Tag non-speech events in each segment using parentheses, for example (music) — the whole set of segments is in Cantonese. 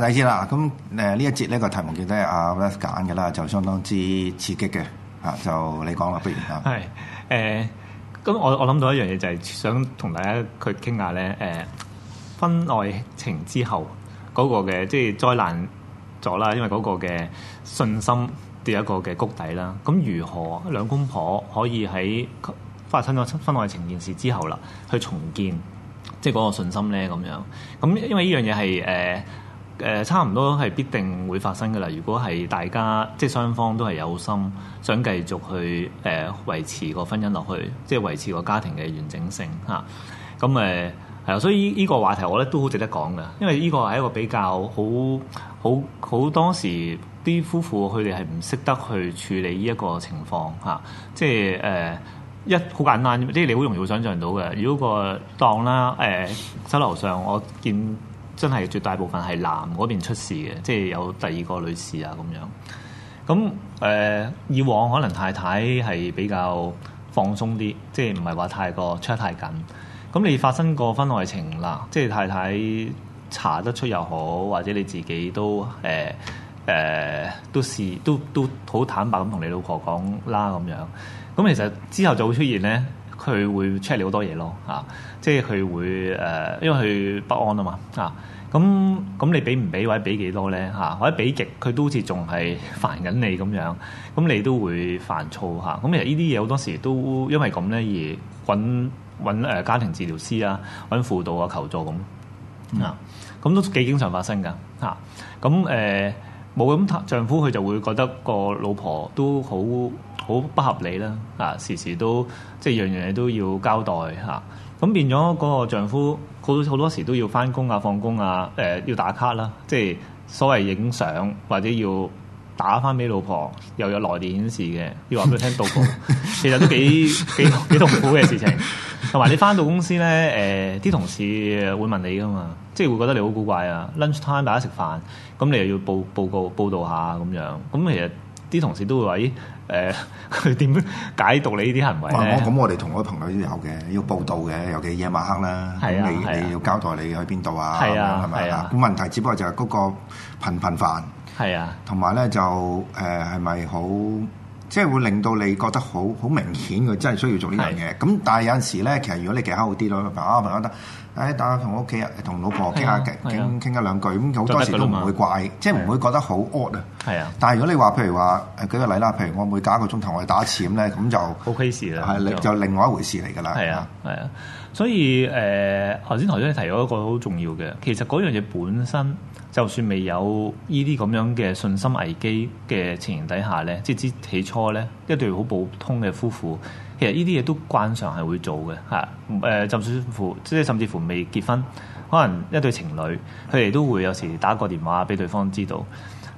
睇先啦。咁誒呢一節呢個題目叫咧阿 Ralph 揀嘅啦，就相當之刺激嘅嚇。就你講啦，不如啊，係誒。咁、呃、我我諗到一樣嘢，就係想同大家去傾下咧誒婚外情之後嗰、那個嘅，即、就、係、是、災難咗啦。因為嗰個嘅信心跌一個嘅谷底啦。咁如何兩公婆可以喺發生咗婚外情件事之後啦，去重建即係嗰個信心咧？咁樣咁，因為呢樣嘢係誒。呃誒差唔多係必定會發生嘅啦。如果係大家即係雙方都係有心想繼續去誒維持個婚姻落去，即係維持個家庭嘅完整性嚇。咁誒係啊，所以呢個話題我覺得都好值得講嘅，因為呢個係一個比較好好好當時啲夫婦佢哋係唔識得去處理呢一個情況嚇。即係誒一好簡單，即係你好容易會想象到嘅。如果個當啦誒酒樓上，我見。真係絕大部分係男嗰邊出事嘅，即係有第二個女士啊咁樣。咁、呃、以往可能太太係比較放鬆啲，即係唔係話太過出太緊。咁你發生過婚外情啦，即係太太查得出又好，或者你自己都誒、呃呃、都試都都好坦白咁同你老婆講啦咁樣。咁其實之後就會出現咧。佢會 check 你好多嘢咯，嚇！即係佢會誒，因為佢不安啊嘛，啊！咁咁你俾唔俾或者俾幾多咧？嚇！或者俾、啊、極，佢都好似仲係煩緊你咁樣，咁你都會煩躁嚇。咁其實呢啲嘢好多時都因為咁咧而揾揾誒家庭治療師啊，揾輔導啊求助咁。嗯、啊！咁都幾經常發生噶嚇。咁誒冇咁，丈夫佢就會覺得個老婆都好，好不合理啦，啊，時時都即係樣樣嘢都要交代嚇，咁變咗嗰個丈夫，好多好多時都要翻工啊、放工啊，誒要打卡啦，即係所謂影相或者要打翻俾老婆，又有來電顯示嘅，要話俾佢聽到，其實都幾 (laughs) 幾幾痛苦嘅事情。同埋你翻到公司咧，誒、呃、啲同事會問你噶嘛，即係會覺得你好古怪啊。lunch time 大家食飯，咁你又要報報告報道下咁樣，咁其實啲同事都會話，咦、呃，佢點樣解讀你呢啲行為咧？咁我哋同我啲朋友都有嘅，要報道嘅，尤其夜晚黑啦。係啊，你，啊你要交代你去邊度啊？係啊，係咪吧啊？咁問題只不過就係嗰個頻頻繁，係啊，同埋咧就誒，係咪好？即係、就是、會令到你覺得好好明顯，佢真係需要做、啊、呢樣嘢。咁但係有陣時咧，其實如果你技巧好啲咯，啊，問下得。誒大家同屋企人，同老婆傾下偈，傾傾一兩句，咁好多時都唔會怪，即係唔會覺得好 odd 啊！係啊！但係如果你話譬如話誒舉個例啦，譬如我每隔一個鐘頭，我係打一次咁咧，咁就 O K 事啦，係就另外一回事嚟㗎啦。係啊，係啊，所以誒頭先頭先你提咗一個好重要嘅，其實嗰樣嘢本身就算未有呢啲咁樣嘅信心危機嘅情形底下咧，即係之起初咧，一對好普通嘅夫婦。其實呢啲嘢都慣常係會做嘅，嚇，誒，甚至乎即係甚至乎未結婚，可能一對情侶，佢哋都會有時打個電話俾對方知道。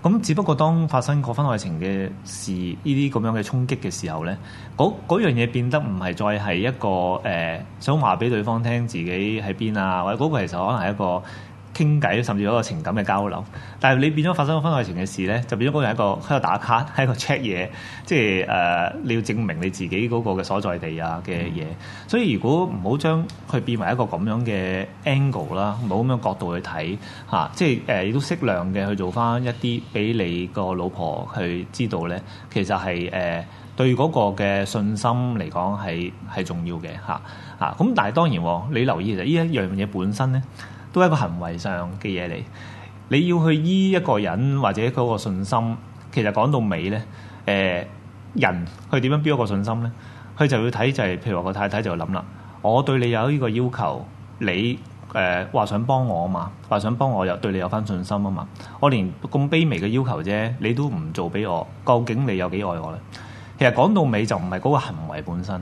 咁只不過當發生嗰份愛情嘅事，呢啲咁樣嘅衝擊嘅時候呢，嗰樣嘢變得唔係再係一個誒、呃，想話俾對方聽自己喺邊啊，或者嗰個其實可能係一個。傾偈，甚至有一個情感嘅交流，但係你變咗發生咗婚外情嘅事咧，就變咗嗰個係一個喺度打卡，喺度 check 嘢，即係誒、呃、你要證明你自己嗰個嘅所在地啊嘅嘢。嗯、所以如果唔好將佢變為一個咁樣嘅 angle 啦，唔好咁樣的角度去睇嚇、啊，即係誒亦都適量嘅去做翻一啲俾你個老婆去知道咧，其實係誒、呃、對嗰個嘅信心嚟講係係重要嘅嚇嚇。咁、啊、但係當然、哦、你留意其實呢一樣嘢本身咧。都係一個行為上嘅嘢嚟，你要去醫一個人或者嗰個信心，其實講到尾呢，誒，人佢點樣表一個信心呢？佢就要睇就係，譬如話個太太就諗啦，我對你有呢個要求，你誒話、呃、想幫我啊嘛，話想幫我有對你有番信心啊嘛，我連咁卑微嘅要求啫，你都唔做俾我，究竟你有幾愛我呢？其實講到尾就唔係嗰個行為本身，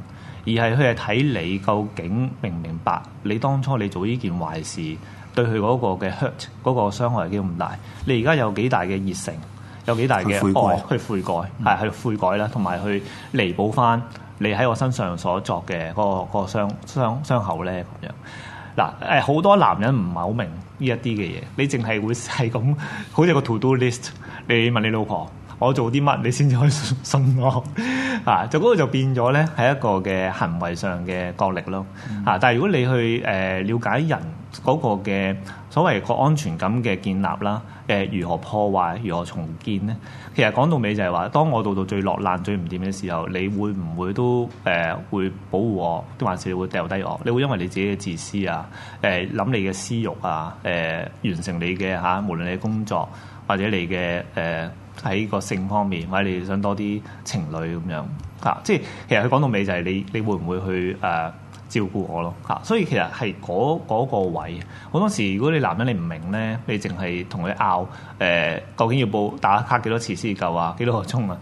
而係佢係睇你究竟明唔明白，你當初你做呢件壞事。對佢嗰個嘅 hurt，嗰個傷害已經唔大。你而家有幾大嘅熱誠，有幾大嘅愛去悔改，係去悔改啦，同埋去彌補翻你喺我身上所作嘅嗰個嗰個傷，傷，傷口咧咁樣。嗱誒，好多男人唔係好明呢一啲嘅嘢，你淨係會係咁，好似個 todo list，你問你老婆，我做啲乜你先至可以信我啊？就、那、嗰個就變咗咧，係一個嘅行為上嘅角力咯。嚇、啊！但係如果你去誒瞭解人。嗰個嘅所謂個安全感嘅建立啦，誒、呃、如何破壞，如何重建咧？其實講到尾就係話，當我到到最落難、最唔掂嘅時候，你會唔會都誒、呃、會保護我，還是你會掉低我？你會因為你自己嘅自私啊，誒、呃、諗你嘅私欲啊，誒、呃、完成你嘅嚇、啊，無論你嘅工作或者你嘅誒喺個性方面，或者你想多啲情侶咁樣啊？即係其實佢講到尾就係你，你會唔會去誒、呃照顧我咯嚇，所以其實係嗰、嗰嗰個位。好多時如果你男人你唔明咧，你淨係同佢拗誒，究竟要報打卡幾多次先夠啊？幾多個鐘啊？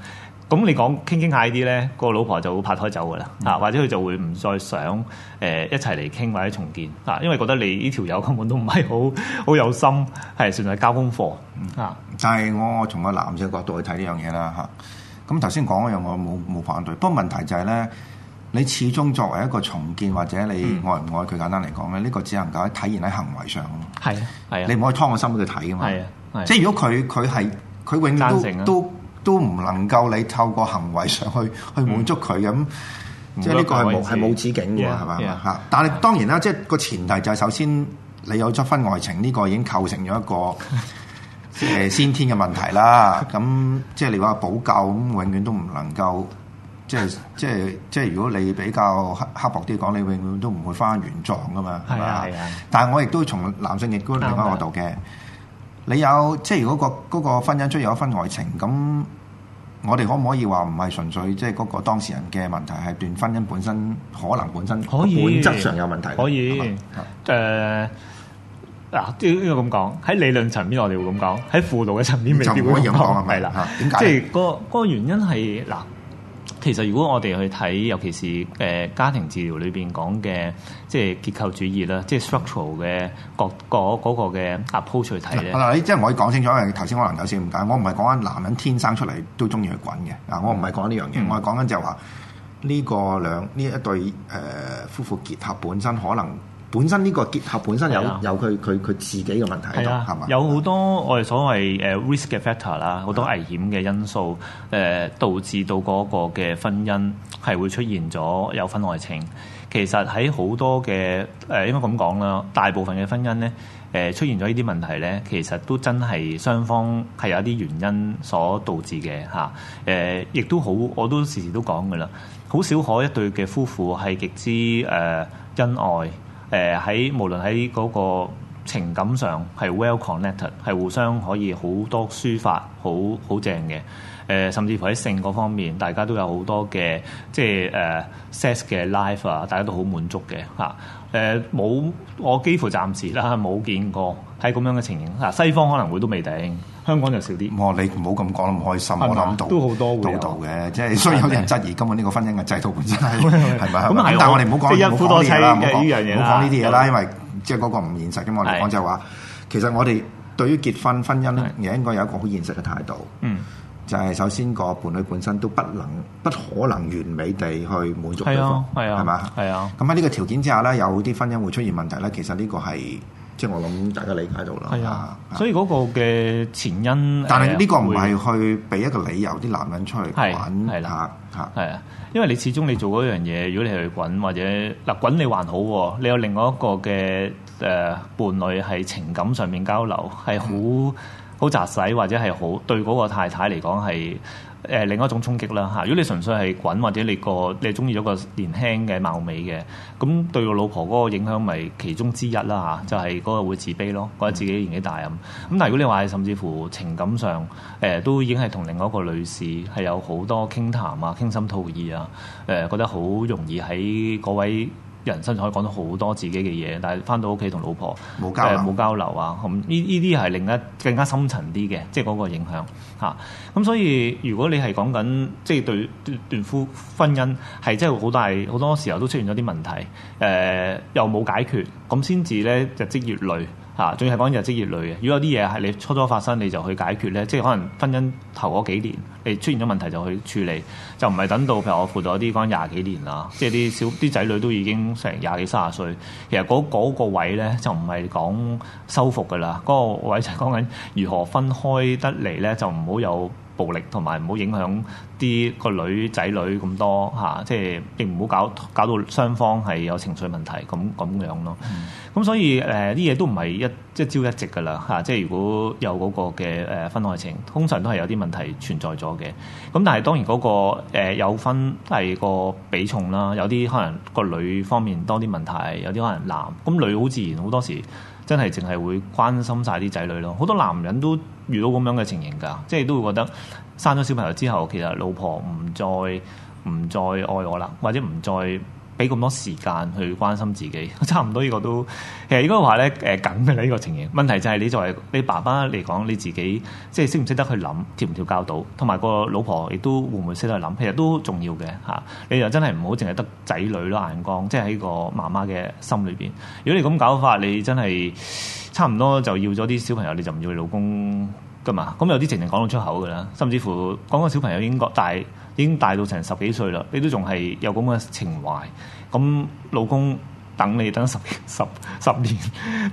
咁你講傾傾下呢啲咧，個老婆就會拍枱走噶啦嚇，或者佢就會唔再想誒、呃、一齊嚟傾或者重建啊，因為覺得你呢條友根本都唔係好好有心，係算係交功課啊、嗯。但係我我從個男性角度去睇呢樣嘢啦嚇，咁頭先講嗰樣我冇冇反對，不過問題就係咧。你始終作為一個重建，或者你愛唔愛佢，簡單嚟講咧，呢個只能夠喺體現喺行為上咯。係啊，係啊，你唔可以劏個心喺度睇啊嘛。係啊，即係如果佢佢係佢永遠都都都唔能夠你透過行為上去去滿足佢咁，即係呢個係冇係冇止境嘅，係咪？嚇？但係當然啦，即係個前提就係首先你有咗婚外情，呢個已經構成咗一個誒先天嘅問題啦。咁即係你話補救咁，永遠都唔能夠。即係即係即係，如果你比較刻刻薄啲講，你永遠都唔會翻原狀噶嘛，係嘛？但係我亦都從男性亦都另一個角度嘅，吧你有即係如果嗰個婚姻出現一婚外情，咁我哋可唔可以話唔係純粹即係嗰個當事人嘅問題，係段婚姻本身可，以可能本身本質上有問題？可以，誒嗱吧，呢個咁講喺理論層面我哋會，我哋會咁講喺輔導嘅層面未，就唔可以咁講啦，係啦，點解、啊？即係嗰、嗰個原因係嗱。其實，如果我哋去睇，尤其是誒、呃、家庭治療裏邊講嘅，即係結構主義啦，即係 structural 嘅各個嗰個嘅 approach 去睇咧。嗱，即係我可以講清楚，因為頭先可能有少少唔解，我唔係講緊男人天生出嚟都鍾意去滾嘅，啊，我唔係講呢樣嘢，嗯、我係講緊就係話呢個兩呢一對誒、呃、夫婦結合本身可能。本身呢個結合本身有有佢佢佢自己嘅問題，係嘛、啊？吧有好多我哋所謂誒、uh, risk 嘅 factor 啦，好多危險嘅因素誒、啊呃，導致到嗰個嘅婚姻係會出現咗有婚外情。其實喺好多嘅誒，應該咁講啦，大部分嘅婚姻咧誒、呃、出現咗呢啲問題咧，其實都真係雙方係有一啲原因所導致嘅嚇。誒、啊，亦都好，我都時時都講噶啦，好少可一對嘅夫婦係極之誒、呃、恩愛。誒喺、呃、無論喺嗰個情感上係 well connected，係互相可以好多抒發，好好正嘅。誒、呃、甚至乎喺性嗰方面，大家都有好多嘅即係誒 sex 嘅 life 啊，呃、set 的 live，大家都好滿足嘅嚇。誒、啊、冇、呃、我幾乎暫時啦冇見過係咁樣嘅情形、啊。嗱西方可能會都未定。香港就少啲，你唔好咁講得唔開心，我諗到都好多度度嘅，即係雖然有人質疑今日呢個婚姻嘅制度本身係咪？咁但係我哋唔好講，唔好講呢啲啦，唔好講呢啲嘢啦，因為即係嗰個唔現實嘅。我哋講就係話，其實我哋對於結婚婚姻咧，應該有一個好現實嘅態度。就係首先個伴侶本身都不能不可能完美地去滿足對方，係啊，係啊，係啊。咁喺呢個條件之下咧，有啲婚姻會出現問題咧。其實呢個係。即係我諗大家理解到啦，係啊，啊、所以嗰個嘅前因，但係呢個唔係去俾一個理由啲男人出嚟滾係啦嚇，係啊，因為你始終你做嗰樣嘢。如果你去滾或者嗱滾，你還好，你有另外一個嘅誒伴侶係情感上面交流係好好紮實，或者係好對嗰個太太嚟講係。誒，另一種衝擊啦吓。如果你純粹係滾，或者你個你中意咗個年輕嘅貌美嘅，咁對個老婆嗰個影響咪其中之一啦吓，就係、是、嗰個會自卑咯，覺得自己年紀大啊。咁、嗯、但如果你話甚至乎情感上誒、呃、都已經係同另外一個女士係有好多傾談啊，傾心吐意啊，誒、呃、覺得好容易喺嗰位。人生可以講到好多自己嘅嘢，但係返到屋企同老婆誒冇交流啊，咁呢呢啲係另一更加深層啲嘅，即係嗰個影響吓咁、啊、所以如果你係講緊即係對斷夫婚姻係真係好大，好多，多時候都出現咗啲問題，誒、呃、又冇解決，咁先至咧日積月累。啊！仲要係講日積月累嘅，如果有啲嘢係你初初發生，你就去解決咧，即係可能婚姻頭嗰幾年，你出現咗問題就去處理，就唔係等到譬如我輔導啲關廿幾年啦，即係啲小啲仔女都已經成廿幾三十歲，其實嗰、嗰嗰個位咧就唔係講修復噶啦，嗰、嗰個位就係講緊如何分開得嚟咧，就唔好有。暴力同埋唔好影響啲個女仔女咁多嚇、啊，即係亦唔好搞搞到雙方係有情緒問題咁咁樣咯。咁、嗯、所以誒啲嘢都唔係一一朝一夕㗎啦嚇，即係如果有嗰個嘅誒婚外情，通常都係有啲問題存在咗嘅。咁但係當然嗰、嗰個、呃、有分係個比重啦，有啲可能個女方面多啲問題，有啲可能男咁女好自然好多時。真係淨係會關心曬啲仔女咯，好多男人都遇到咁樣嘅情形㗎，即係都會覺得生咗小朋友之後，其實老婆唔再唔再愛我啦，或者唔再。俾咁多時間去關心自己，差唔多呢個都其實應該話咧誒梗嘅啦呢、呃呢個情形。問題就係你作為你爸爸嚟講，你自己即係識唔識得去諗，調唔調教到，同埋個老婆亦都會唔會識得去諗，其實都重要嘅嚇、啊。你又真係唔好淨係得仔女咯眼光，即係喺個媽媽嘅心裏邊。如果你咁搞法，你真係差唔多就要咗啲小朋友，你就唔要你老公噶嘛。咁有啲情形講到出口噶啦，甚至乎講個小朋友已經大。已經大到成十幾歲啦，你都仲係有咁嘅情懷。咁老公等你等十十十年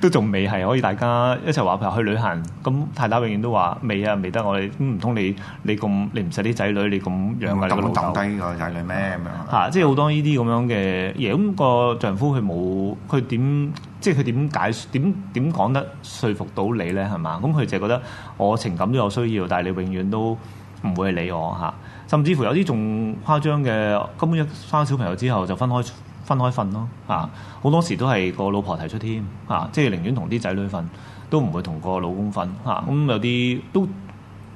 都仲未係，可以大家一齊話譬如去旅行。咁太太永遠都話未啊，未得我哋，咁唔通你你，咁你唔使啲仔女你咁樣啊，會唔會咁樣抌低你老豆。咁抌低個仔女咩咁樣？嚇！即係好多呢啲咁樣嘅嘢，咁、那個丈夫佢冇佢點即係佢點解點點講得說服到你咧？係嘛？咁佢就係覺得我情感都有需要，但係你永遠都。唔會理我嚇，甚至乎有啲仲誇張嘅，根本一生咗小朋友之後就分開分開瞓咯嚇，好多時都係個老婆提出添嚇，即係寧願同啲仔女瞓，都唔會同個老公瞓嚇，咁有啲都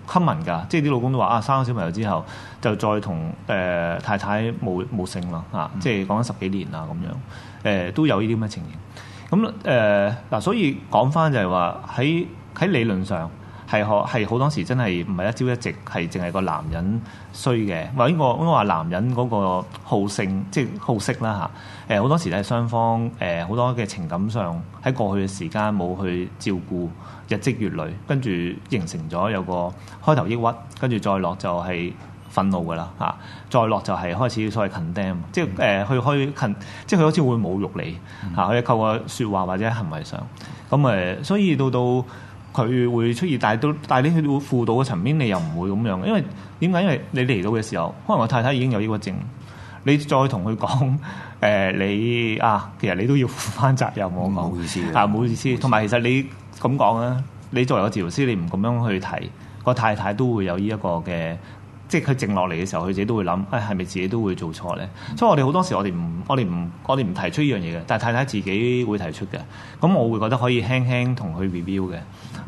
親民㗎，即係啲老公都話啊，生咗小朋友之後就再同誒、呃、太太冇冇性咯嚇，即係講緊十幾年啦咁樣，誒、呃、都有呢啲咁嘅情形，咁誒嗱，所以講翻就係話喺喺理論上。係學係好多時真係唔係一朝一夕，係淨係個男人衰嘅。話呢個應該話男人嗰個好性即係好色啦嚇。誒好多時都係雙方誒好、呃、多嘅情感上喺過去嘅時間冇去照顧，日積月累，跟住形成咗有個開頭抑鬱，跟住再落就係憤怒噶啦嚇，再落就係開始所謂 condemn，即係誒去去即係佢好似會侮辱你嚇，佢、嗯、靠個説話或者行為上。咁誒、呃，所以到到。佢會出現，但係都但係你去輔導嘅層面，你又唔會咁樣，因為點解？因為你嚟到嘅時候，可能我太太已經有抑鬱症，你再同佢講誒，你啊，其實你都要負翻責任喎。唔好意思，啊，唔、啊、唔好意思。同埋、啊、其實你咁講啊，你作為個治療師，你唔咁樣去提個太太都會有呢一個嘅，即係佢靜落嚟嘅時候，佢自己都會諗，誒係咪自己都會做錯咧？嗯、所以我哋好多時我哋唔，我哋唔，我哋唔提出呢樣嘢嘅，但係太太自己會提出嘅，咁我會覺得可以輕輕同佢 review 嘅。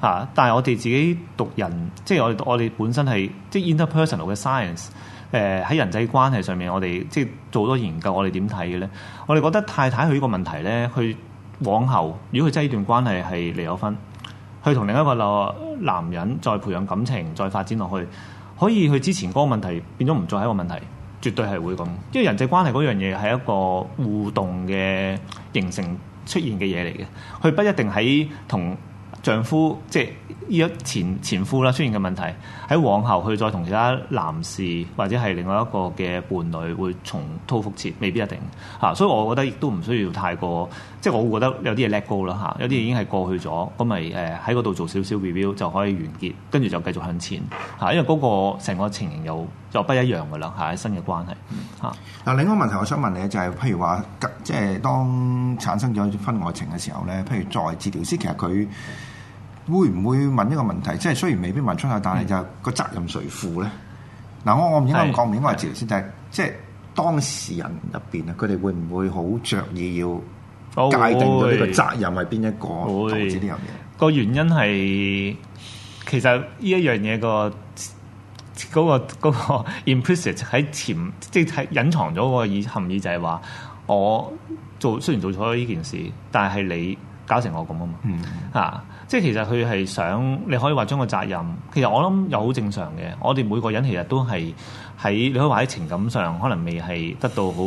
啊、但係我哋自己讀人，即係我哋我哋本身係即 interpersonal 嘅 science，誒、呃、喺人際關係上面，我哋即係做咗研究，我哋點睇嘅咧？我哋覺得太太佢呢個問題咧，佢往後如果佢真係呢段關係係離咗婚，佢同另一個男人再培養感情，再發展落去，可以佢之前嗰個問題變咗唔再係一個問題，絕對係會咁，因為人際關係嗰樣嘢係一個互動嘅形成出現嘅嘢嚟嘅，佢不一定喺同丈夫即係依家前前夫啦出現嘅問題，喺往後佢再同其他男士或者係另外一個嘅伴侶會重蹈覆轍，未必一定嚇。所以我覺得亦都唔需要太過，即係我覺得有啲嘢 let go 啦嚇，有啲嘢已經係過去咗，咁咪誒喺嗰度做少少 review 就可以完結，跟住就繼續向前嚇。因為嗰個成個情形又又不一樣噶啦，係新嘅關係嚇。嗱、嗯、另一個問題我想問你就係、是，譬如話即係當產生咗婚外情嘅時候咧，譬如作為治療師，其實佢會唔會問呢個問題？即係雖然未必問出口，但係就係個責任誰負咧？嗱、嗯，我我唔應該咁講，唔是應該話自己先，就係是的 即係當事人入邊啊，佢哋會唔會好着意要界定到呢個責任係邊一個、哦哦哦哦哦、導致呢樣嘢？個原因係其實呢一樣嘢個嗰、嗰個 implicit 喺潛即係隱藏咗個含意含義，就係話我做雖然做錯咗呢件事，但係你搞成我咁、嗯、啊嘛，嚇！即係其實佢係想，你可以話將個責任。其實我諗又好正常嘅。我哋每個人其實都係喺，你可以話喺情感上可能未係得到好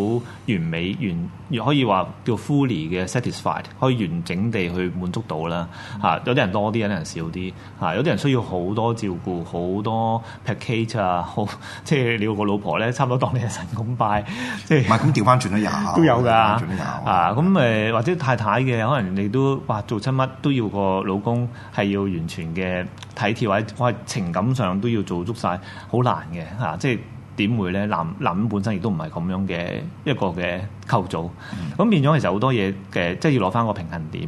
完美完，亦可以話叫 fully 嘅 satisfied，可以完整地去滿足到啦。嚇、嗯，有啲人多啲，有啲人少啲。嚇，有啲人需要好多照顧，好多 package 啊，好即係你有個老婆咧，差唔多當你係神咁拜。即係唔係咁調翻轉都有，都有㗎。有啊咁誒、呃、的或者太太嘅可能你都哇、啊，做親乜都要個老公，係要完全嘅體貼，或者情感上都要做足晒，好難嘅嚇、啊。即係點會咧？男男人本身亦都唔係咁樣嘅一個嘅構造。咁、嗯、變咗，其實好多嘢嘅，即、就、係、是、要攞翻個平衡點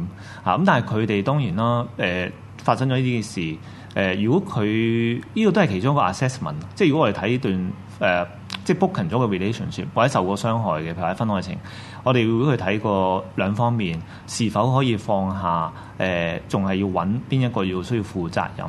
嚇。咁、啊、但係佢哋當然啦。誒、呃、發生咗呢件事，誒、呃、如果佢呢、這個都係其中一個 assessment，即係如果我哋睇段誒。呃即係 booking 咗個 relationship 或者受過傷害嘅，譬如喺分愛情，我哋會去睇過兩方面，是否可以放下？誒仲係要揾邊一個要需要負責任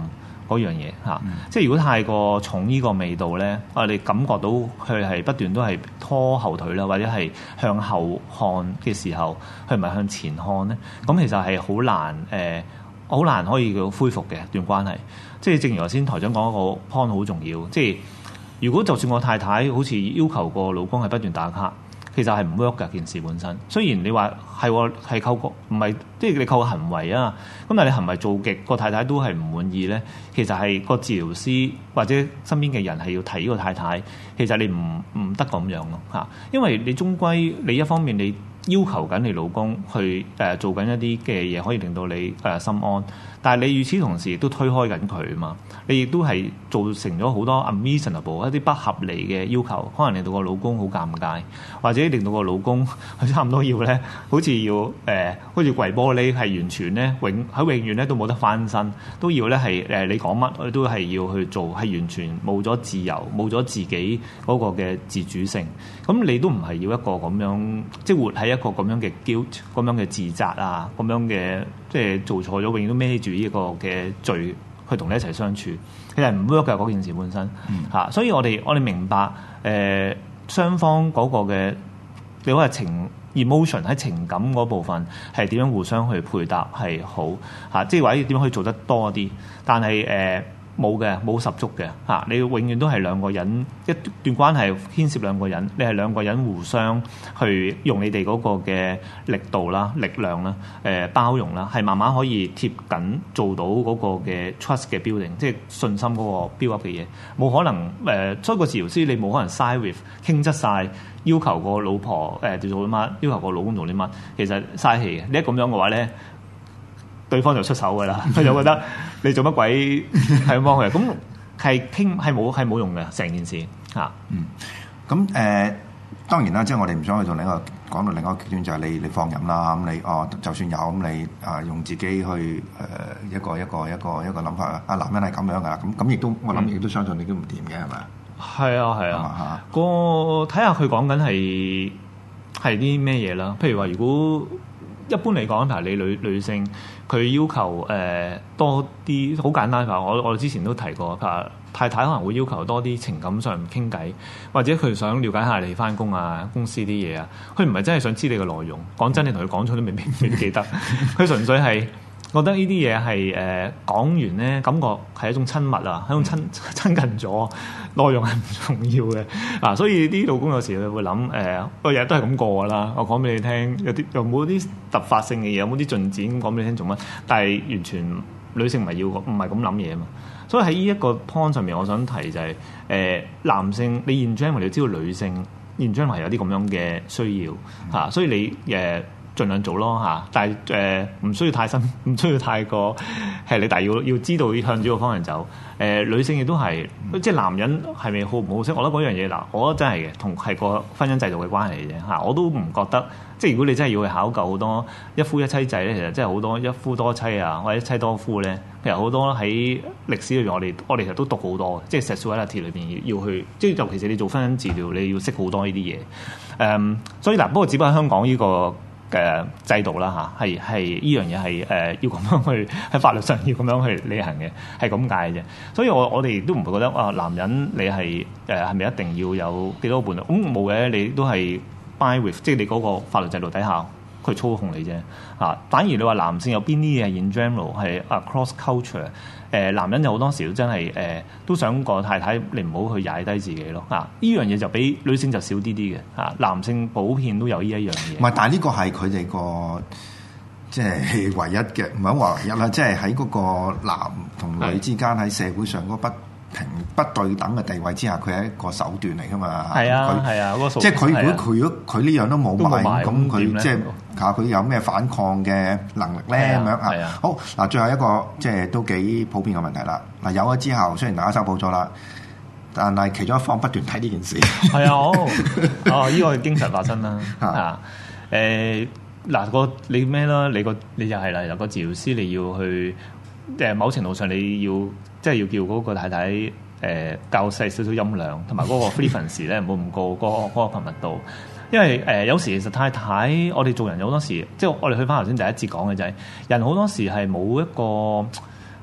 嗰樣嘢吓，啊嗯、即係如果太過重呢個味道咧，我哋感覺到佢係不斷都係拖後腿啦，或者係向後看嘅時候，佢唔係向前看咧，咁其實係好難誒好、呃、難可以恢復嘅一段關係。即係正如頭先台長講嗰個 point 好重要，即係。如果就算我太太好似要求個老公係不斷打卡，其實係唔 work 㗎件事本身。雖然你話係喎，係、哦、扣個唔係，即係你扣個行為啊。咁但係你行為做極，個太太都係唔滿意咧。其實係個治療師或者身邊嘅人係要睇呢個太太。其實你唔唔得咁樣咯、吓、因為你終歸你一方面你要求緊你老公去、呃、做緊一啲嘅嘢，可以令到你、呃、心安。但你與此同時都推開緊佢嘛？你亦都係造成咗好多 unreasonable 一啲不合理嘅要求，可能令到個老公好尷尬，或者令到個老公佢差唔多要咧，好似要誒、呃，好似跪玻璃係完全咧永喺永遠咧都冇得翻身，都要咧係、呃、你講乜都係要去做，係完全冇咗自由、冇咗自己嗰個嘅自主性。咁你都唔係要一個咁樣，即係活喺一個咁樣嘅 guilt 咁樣嘅自責啊，咁樣嘅。即係做錯咗，永遠都孭住呢個嘅罪去同你一齊相處，其實唔 work 嘅嗰件事本身嚇、嗯啊。所以我哋我哋明白誒、呃、雙方嗰個嘅，你話情 emotion 喺情感嗰部分係點樣互相去配搭係好嚇，即、啊、係或者點樣可以做得多啲，但係誒。呃冇嘅，冇十足嘅嚇、啊。你永遠都係兩個人，一段關係牽涉兩個人。你係兩個人互相去用你哋嗰個嘅力度啦、力量啦、誒、呃、包容啦，係慢慢可以貼緊做到嗰個嘅 trust 嘅 building，即係信心嗰個 build 嘅嘢。冇可能誒，作為個治療師，你冇可能 side with 傾側晒要求個老婆誒做點啊？要求個老公做點啊？其實嘥氣嘅。你一咁樣嘅話咧。對方就出手㗎啦，佢就覺得你做乜鬼係咁幫佢，咁係傾係冇係冇用嘅成件事嚇。嗯，咁誒、呃、當然啦，即係我哋唔想去做另一個講到另一個極端就係、是、你你放任啦，咁你哦就算有咁你啊用自己去誒、呃、一個一個一個一個諗法啊，男人係咁樣噶啦，咁咁亦都我諗亦、嗯、都相信你都唔掂嘅係咪啊？係啊係啊嚇，嗰個睇下佢講緊係係啲咩嘢啦，譬如話如果。一般嚟講，譬如你女女性，佢要求誒、呃、多啲，好簡單。譬如我我之前都提過，譬如太太可能會要求多啲情感上傾偈，或者佢想了解下你翻工啊、公司啲嘢啊，佢唔係真係想知你嘅內容。講真，你同佢講咗都未必記得。佢 (laughs) 純粹係。覺得、呃、呢啲嘢係誒講完咧，感覺係一種親密啊，係一種親，親近咗。內容係唔重要嘅啊，所以啲老公有時佢會諗誒，我日日都係咁過噶啦。我講俾你聽，有啲有冇啲突發性嘅嘢，有冇啲進展，講俾你聽做乜？但係完全女性唔係要，唔係咁諗嘢啊嘛。所以喺呢一個 point 上面，我想提就係、是、誒、呃、男性，你現將你知道女性現將係有啲咁樣嘅需要、啊、所以你、呃儘量做咯嚇，但係誒唔需要太深，唔需要太過係你，但係要要知道向要向住個方向走。誒、呃、女性亦都係，即係男人係咪好唔好識？我覺得嗰樣嘢嗱，我覺得真係嘅，同係個婚姻制度嘅關係嘅啫嚇。我都唔覺得，即係如果你真係要去考究好多一夫一妻制咧，其實真係好多一夫多妻啊，或者一妻多夫咧，其實好多喺歷史裏面，我哋我哋其實都讀好多，即係 sexuality 裏邊要去，即係尤其是你做婚姻治療，你要識好多呢啲嘢。誒、嗯，所以嗱，不過只不過香港呢、這個。嘅制度啦吓，係係呢樣嘢係誒要咁樣去喺法律上要咁樣去履行嘅，係咁解嘅。所以我我哋都唔覺得啊，男人你係誒係咪一定要有幾多伴侶？咁冇嘅，你都係 by with，即係你嗰個法律制度底下。佢操控你啫，啊！反而你話男性有邊啲嘢 in general 係 across culture，誒男人就好多時都真係誒都想個太太，你唔好去踩低自己咯，啊！呢樣嘢就比女性就少啲啲嘅，啊！男性普遍都有呢一樣嘢。唔係，但係呢個係佢哋個即係唯一嘅，唔係話唯一啦，即係喺嗰個男同女之間喺社會上嗰不平不對等嘅地位之下，佢係一個手段嚟噶嘛。係啊，係啊，即係佢如果佢佢呢樣都冇買，咁佢即係。嚇，佢有咩反抗嘅能力咧？咁樣啊，啊好嗱，最後一個即係都幾普遍嘅問題啦。嗱，有咗之後，雖然大家收保咗啦，但係其中一方不斷睇呢件事。係啊，哦，呢、 (laughs) 哦呢個係經常發生啦。啊誒嗱、啊呃嗰個你咩啦？你個你就係啦，有、嗰個治療師你要去誒，某程度上你要即係要叫嗰個太太誒、呃，較細少少音量，同埋嗰個 frequency 咧唔好 (laughs) 唔過、嗰個嗰、嗰個頻密度。因為誒、呃，有時其實太太，我哋做人有好多時，即係我哋去翻頭先第一節講嘅就係，人好多時係冇一個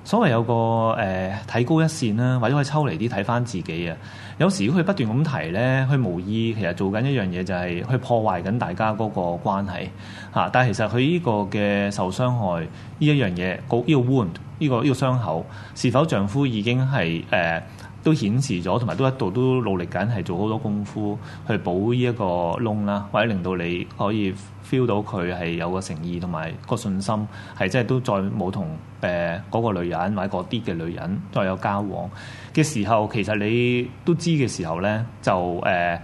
所謂有個誒睇、呃、高一線啦，或者可以抽離啲睇翻自己啊。有時佢不斷咁提咧，佢無意其實做緊一樣嘢就係、是、去破壞緊大家嗰個關係、啊、但係其實佢呢個嘅受傷害呢一樣嘢，這個依、這個 wound 呢、這個呢個傷口，是否丈夫已經係誒？呃都顯示咗，同埋都一度都努力緊，係做好多功夫去補呢一個窿啦，或者令到你可以 feel 到佢係有個誠意同埋個信心，係即係都再冇同嗰個女人或者嗰啲嘅女人再有交往嘅時候，其實你都知嘅時候呢，就誒、呃、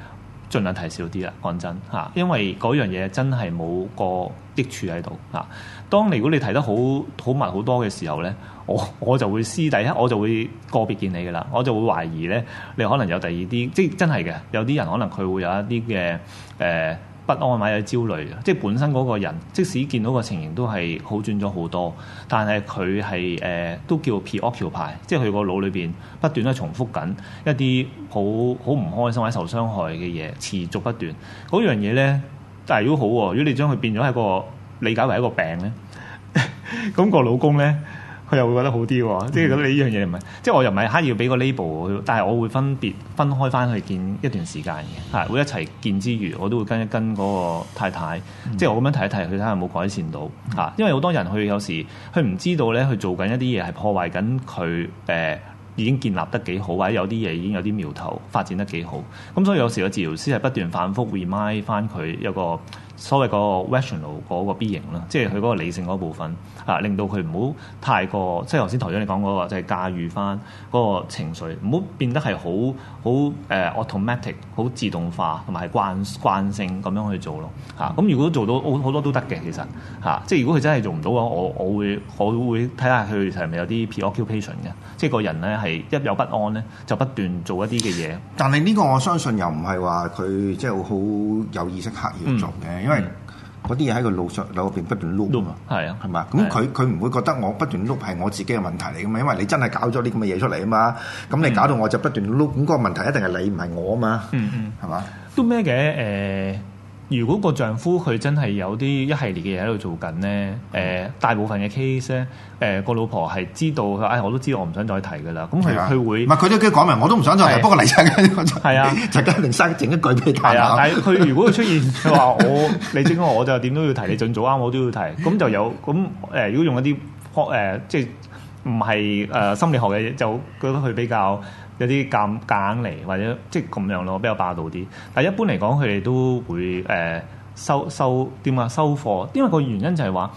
盡量提少啲啦。講真嚇，因為嗰樣嘢真係冇個益處喺度、啊當你如果你提得好好密好多嘅時候咧，我我就會私底下，我就會個別見你㗎喇，我就會懷疑咧，你可能有第二啲，即係真係嘅，有啲人可能佢會有一啲嘅誒不安或者焦慮，即係本身嗰個人即使見到個情形都係好轉咗好多，但係佢係誒都叫 pre-occupied，y, 即係佢個腦裏面不斷咧重複緊一啲好好唔開心或者受傷害嘅嘢，持續不斷。嗰樣嘢咧，但係如果好喎、啊，如果你將佢變咗係個。理解為一個病咧，咁 (laughs) 個老公咧，佢又會覺得好啲喎，即係覺得呢樣嘢唔係，嗯、即係我又唔係刻意要俾個 label，但係我會分別分開翻去見一段時間嘅，會一齊見之餘，我都會跟一跟嗰個太太，嗯、即係我咁樣提一提佢睇下有冇改善到嚇。因為好多人佢有時佢唔知道咧，佢做緊一啲嘢係破壞緊佢、呃、已經建立得幾好，或者有啲嘢已經有啲苗頭發展得幾好。咁所以有時個治療師係不斷反覆 remind 翻佢一個。所謂嗰個 rational 嗰個 B 型啦，即係佢嗰個理性嗰部分嚇，令到佢唔好太過，即係頭先台長你講嗰個，就係駕馭翻嗰個情緒，唔好變得係好好誒 automatic，好自動化同埋係慣慣性咁樣去做咯嚇。咁如果做到好多都得嘅，其實嚇，即係如果佢真係做唔到嘅話，我我會我會睇下佢係咪有啲 preoccupation 嘅，即係個人咧係一有不安咧就不斷做一啲嘅嘢。但係呢個我相信又唔係話佢即係好有意識刻意做嘅。嗯因為嗰啲嘢喺個路上腦入邊不斷碌嘛，係啊，係嘛，咁佢佢唔會覺得我不斷碌係我自己嘅問題嚟噶嘛，因為你真係搞咗啲咁嘅嘢出嚟啊嘛，咁你搞到我就不斷碌，咁嗰個問題一定係你唔係我啊嘛，係嘛、嗯嗯吧？都咩嘅誒？呃如果個丈夫佢真係有啲一系列嘅嘢喺度做緊咧，大部分嘅 case 咧，誒個老婆係知道，誒、哎、我都知道我唔想再提噶啦，咁佢佢會，唔係佢都已經講明，我都唔想再提，的不過黎生一我，我真係，係啊，黎生整一句俾佢聽啦。係佢如果佢出現話我你整我就點都要提，你盡早啱我都要提，咁就有咁，如果用一啲、呃、即唔係心理學嘅嘢，就覺得佢比較。有啲夾硬嚟，或者即係咁樣咯，比較霸道啲。但係一般嚟講，佢哋都會誒、呃、收收點啊，收貨。因為個原因就係話。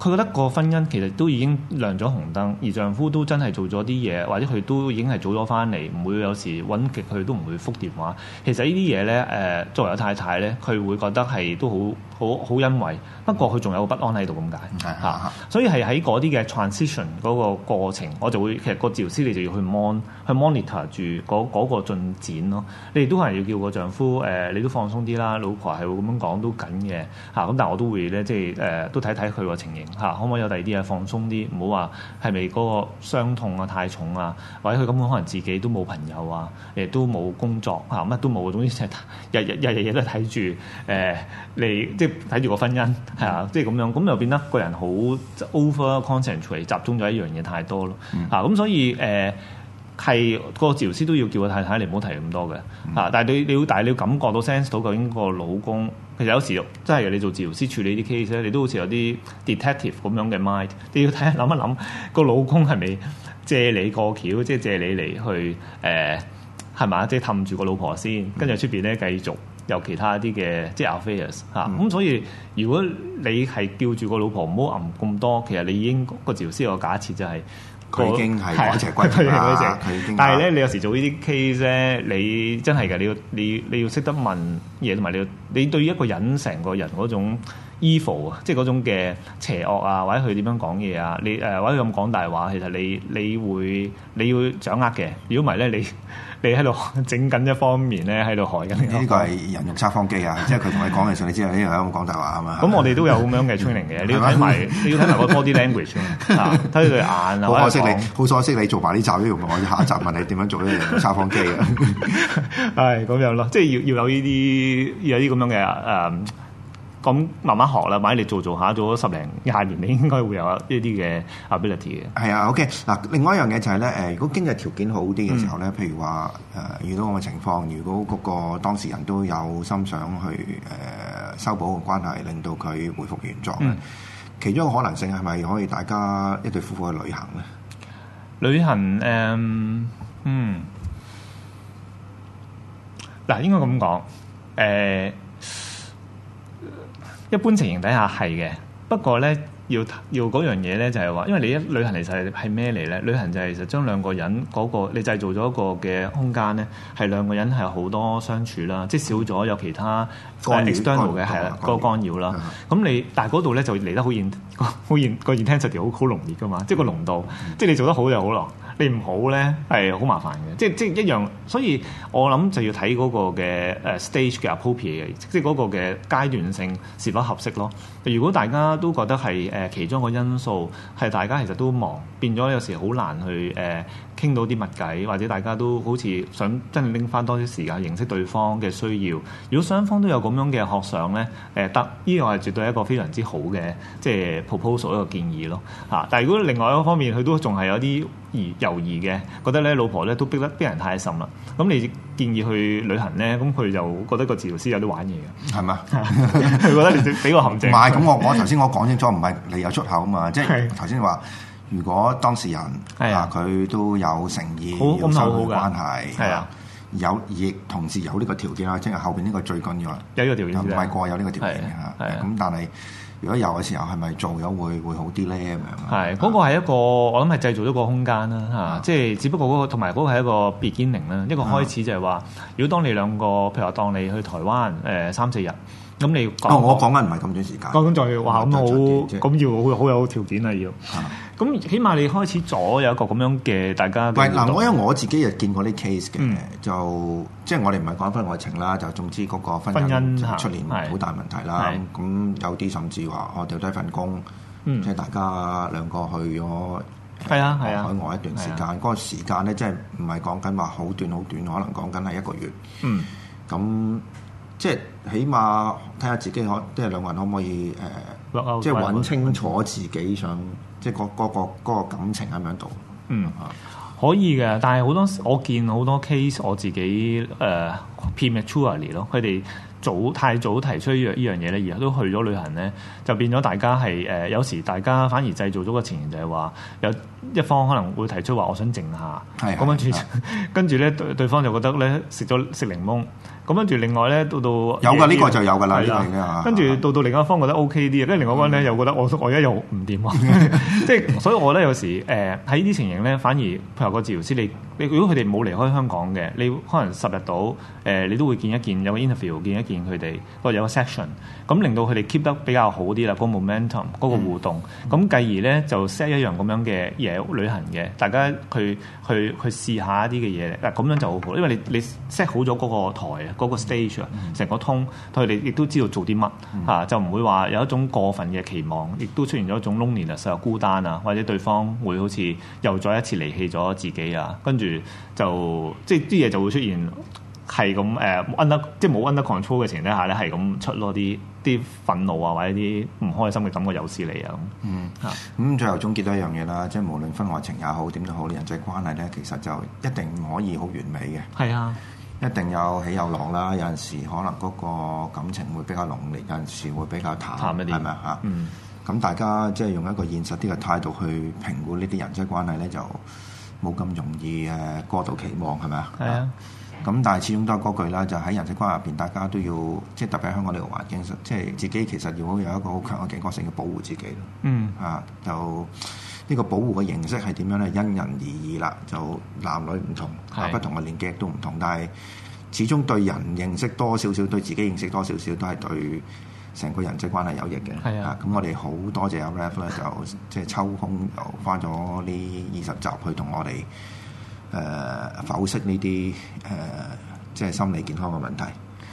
佢覺得個婚姻其實都已經亮咗紅燈，而丈夫都真係做咗啲嘢，或者佢都已經係早咗翻嚟，唔會有時揾極佢都唔會覆電話。其實呢啲嘢咧，誒，作為個太太咧，佢會覺得係都好好好欣慰。不過佢仲有個不安喺度咁解嚇，所以係喺嗰啲嘅 transition 嗰個過程，我就會其實個治療師你就要去 mon 去 monitor 住嗰嗰個進展咯。你哋都可能要叫個丈夫誒、呃，你都放鬆啲啦，老婆係會咁樣講都緊嘅嚇。咁但我都會咧，即係、呃、都睇睇佢個情形。嚇，可唔可以有第二啲嘢放鬆啲？唔好話係咪嗰個傷痛啊太重啊，或者佢根本可能自己都冇朋友啊，亦都冇工作嚇，乜都冇。總之日日日日日都睇住誒，你即係睇住個婚姻係、嗯、啊，即係咁樣，咁就變得個人好 over concentrate，集中咗一樣嘢太多咯。嚇、嗯啊，咁所以誒係、呃個治療師都要叫個太太嚟唔好提咁多嘅嚇、啊，但係你你要但係要感覺到 sense 到究竟個老公。其實有時真係你做治療師處理啲 case 咧，你都好似有啲 detective 咁樣嘅 mind，你要睇下諗一諗個老公係咪借你過橋，即係借你嚟去誒係咪，即係氹住個老婆先，跟住出邊咧繼續有其他啲嘅即係 affairs 咁、嗯啊、所以如果你係叫住個老婆唔好揞咁多，其實你已經個治療師個假設就係、是。佢已經係佢隻鬼啦，但係咧，你有時做呢啲 case 咧，你真係嘅，你要你你要識得問嘢同埋，你要你對於一個人成個人嗰種。evil 啊，即係嗰種嘅邪惡啊，或者佢點樣講嘢啊？你誒、呃，或者佢咁講大話，其實你你會你要掌握嘅。如果唔係咧，你你喺度整緊一方面咧，喺度害緊你。呢個係人肉測謊機啊！ (laughs) 即係佢同你講嘅時候，你知道呢個人有冇講大話係嘛？咁我哋都有咁樣嘅 training 嘅。你要睇埋，你要睇埋我多啲 language 啊，睇佢 (laughs) 眼啊。說好可惜你，好可惜你做埋呢集，呢個我下一集問你點樣做呢樣測謊機啊？係 (laughs) 咁、 (laughs) 哎、樣咯，即係要要有呢啲有啲咁樣嘅誒。嗯。咁慢慢學啦，買你做做下，做咗十零廿年，你應該會有一啲嘅 ability 嘅。係啊，OK。嗱，另外一樣嘢就係、是、咧，如果經濟條件好啲嘅時候咧，嗯、譬如話、呃、遇到咁嘅情況，如果嗰個當事人都有心想去誒、呃、修補個關係，令到佢回復原狀，嗯、其中一個可能性係咪可以大家一對夫婦去旅行咧？旅行誒，嗯，嗱、嗯，應該咁講，呃一般情形底下係嘅，不過咧要要嗰樣嘢咧就係話，因為你一旅行嚟其實係咩嚟咧？旅行就係其實將兩個人嗰、那個你製造咗一個嘅空間咧，係兩個人係好多相處啦，即係少咗有其他個 external 嘅係啦個干擾啦。咁的你但係度咧就嚟得好遠。好然個 intensity 好好濃烈噶嘛，即係個濃度，嗯、即係你做得好就好咯，你唔好咧係好麻煩嘅。即即一樣，所以我諗就要睇嗰個嘅 stage 嘅 appropriate，即嗰個嘅階段性是否合適咯。如果大家都覺得係誒其中一個因素係大家其實都忙，變咗有時好難去誒傾到啲物偈，或者大家都好似想真係拎翻多啲時間認識對方嘅需要。如果雙方都有咁樣嘅學想咧，誒得呢樣係絕對一個非常之好嘅，即 proposal 一個建議咯嚇，但係如果另外一方面，佢都仲係有啲疑猶豫嘅，覺得咧老婆咧都逼得啲人太深啦。咁你建議去旅行咧，咁佢又覺得個治療師有啲玩嘢嘅，係嘛是嗎？ (laughs) 覺得你俾個陷阱。唔係，咁我我頭先 (laughs) 我講清楚，唔係你有出口啊嘛。即係頭先話，如果當事人啊佢、啊、都有誠意，好要修補關係，係啊，有亦同時有呢個條件啦，即係後邊呢個最緊要啦，有呢個條件，唔係過有呢個條件嚇。咁，係啊係啊、但係。如果有嘅時候係咪做咗會會好啲咧咁樣啊？係嗰、那個係一個我諗係製造咗個空間啦嚇，即係、啊啊就是、只不過嗰個同埋嗰個係一個 beginning 啦，一個開始就係話，啊、如果當你兩個譬如話當你去台灣誒三四日，咁、呃、你講、哦、我講緊唔係咁短時間，講緊就要話咁好，咁要好好有條件要啊要嚇咁起碼你開始咗有一個咁樣嘅大家的，喂，嗱，我因為我自己又見過啲 case 嘅，嗯、就即係我哋唔係講婚外情啦，就總之嗰個婚姻出年好大問題啦。咁有啲甚至話我掉低份工，嗯、即係大家兩個去咗，係啊係啊海外一段時間。嗰、啊啊、個時間咧，即係唔係講緊話好短好短，可能講緊係一個月。嗯，咁即係起碼睇下自己可即係兩個人可唔可以誒？呃即係揾清楚自己想，即係嗰嗰個嗰、嗰個嗰個感情喺唔喺度？嗯，嚇吧可以嘅，但係好多時我見好多 case，我自己誒，prematurely 咯，佢哋。早太早提出呢樣呢樣嘢咧，而家都去咗旅行咧，就變咗大家係誒，有時大家反而製造咗個情形，就是，就係話有一方可能會提出話，我想靜下，咁跟住跟住咧對對方就覺得咧食咗食檸檬，咁跟住另外咧到到有噶的呢後個就有噶啦，跟住的到到另一方覺得 OK 啲，咧另外一方咧又覺得我、嗯、我而家又唔掂， (laughs) 即係所以我咧有時誒喺呢啲情形咧，反而譬如個治療師你。你如果佢哋冇離開香港嘅，你可能十日到，誒、呃、你都會見一見，有個 interview，見一見佢哋，有個有個 session，咁令到佢哋 keep 得比較好啲啦，嗰、那個 momentum，嗰個互動，咁、嗯、繼而咧就 set 一樣咁樣嘅嘢旅行嘅，大家去去去試下一啲嘅嘢，嗱咁樣就好，因為你你 set 好咗個個台啊，嗰、那個 stage 啊、嗯，成個 tone，佢哋亦都知道做啲乜吓就唔會話有一種過分嘅期望，亦都出現咗一種 lonely 啊，實孤單啊，或者對方會好似又再一次離棄咗自己啊，跟住。就即係啲嘢，就會出現，係咁誒 u 即係冇 under control 嘅情況下咧，係咁出多啲啲憤怒、嗯、啊，或者啲唔開心嘅感覺有出嚟啊咁。嗯，咁最後總結多一樣嘢啦，即係無論婚外情也好，點都好，啲人際關係咧，其實就一定唔可以好完美嘅。係啊，一定有起有落啦。有陣時可能嗰個感情會比較濃烈，有陣時會比較淡，淡一啲係咪啊？咁大家即係用一個現實啲嘅態度去評估呢啲人際關係咧，就。冇咁容易過度期望係咪啊？係啊，咁但係始終都係嗰句啦，就喺人際關係入面，大家都要即係特別喺香港呢個環境，即係自己其實要有一個好強嘅警覺性去保護自己咯。嗯，啊，就呢個保護嘅形式係點樣咧？因人而異啦，就男女唔同，啊是，不同嘅年紀都唔同，但係始終對人認識多少少，對自己認識多少少，都係對。成個人際關係有益嘅，啊，咁、啊、我哋好多謝阿 Ralph 咧，就即係抽空又翻咗呢二十集去同我哋誒剖析呢啲誒即係心理健康嘅問題。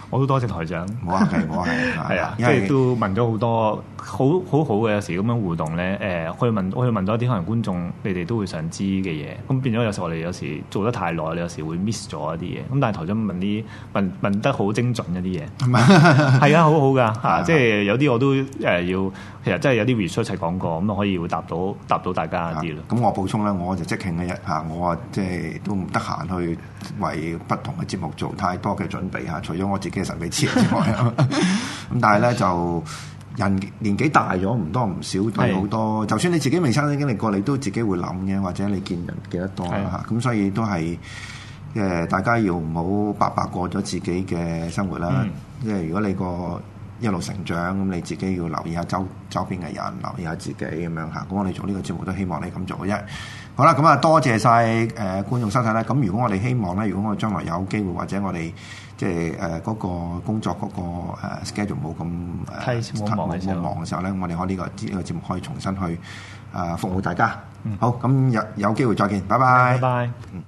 我都多謝，謝台長，冇問題，冇問題，係 (laughs) 啊，即係為都問咗好多好好好嘅，有時咁樣互動咧，誒、呃，去問，我去問咗啲可能觀眾你哋都會想知嘅嘢，咁變咗有時我哋有時做得太耐，你有時會 miss 咗一啲嘢，咁但係台長問啲問問得好精準一啲嘢，係 (laughs) 啊，好好噶嚇，啊、 (laughs) 即係有啲我都誒、呃、要。其實真係有啲 research 係講過，咁可以會答到答到大家啲咯。咁、嗯、我補充咧，我就即興嘅一嚇，我啊即係都唔得閒去為不同嘅節目做太多嘅準備嚇。除咗我自己嘅神秘詞之外，咁 (laughs) 但係咧就人年紀大咗，唔多唔少對好多。多是的 就算你自己未親身經歷過，你都自己會諗嘅，或者你見人見得多啦咁，是的 所以都係誒，大家要唔好白白過咗自己嘅生活啦。嗯、即係如果你個一路成長，咁你自己要留意下周周邊嘅人，留意下自己咁樣嚇。咁我哋做呢個節目都希望你咁做，因、yeah. 為好啦，咁啊多謝晒、呃、觀眾收睇啦。咁如果我哋希望咧，如果我哋將來有機會或者我哋即係嗰個工作嗰、個、呃、schedule 冇咁冇忙嘅時候咧，我哋可呢、個呢、個節目可以重新去、呃、服務大家。Mm. 好，咁有有機會再見，拜拜，拜拜，嗯。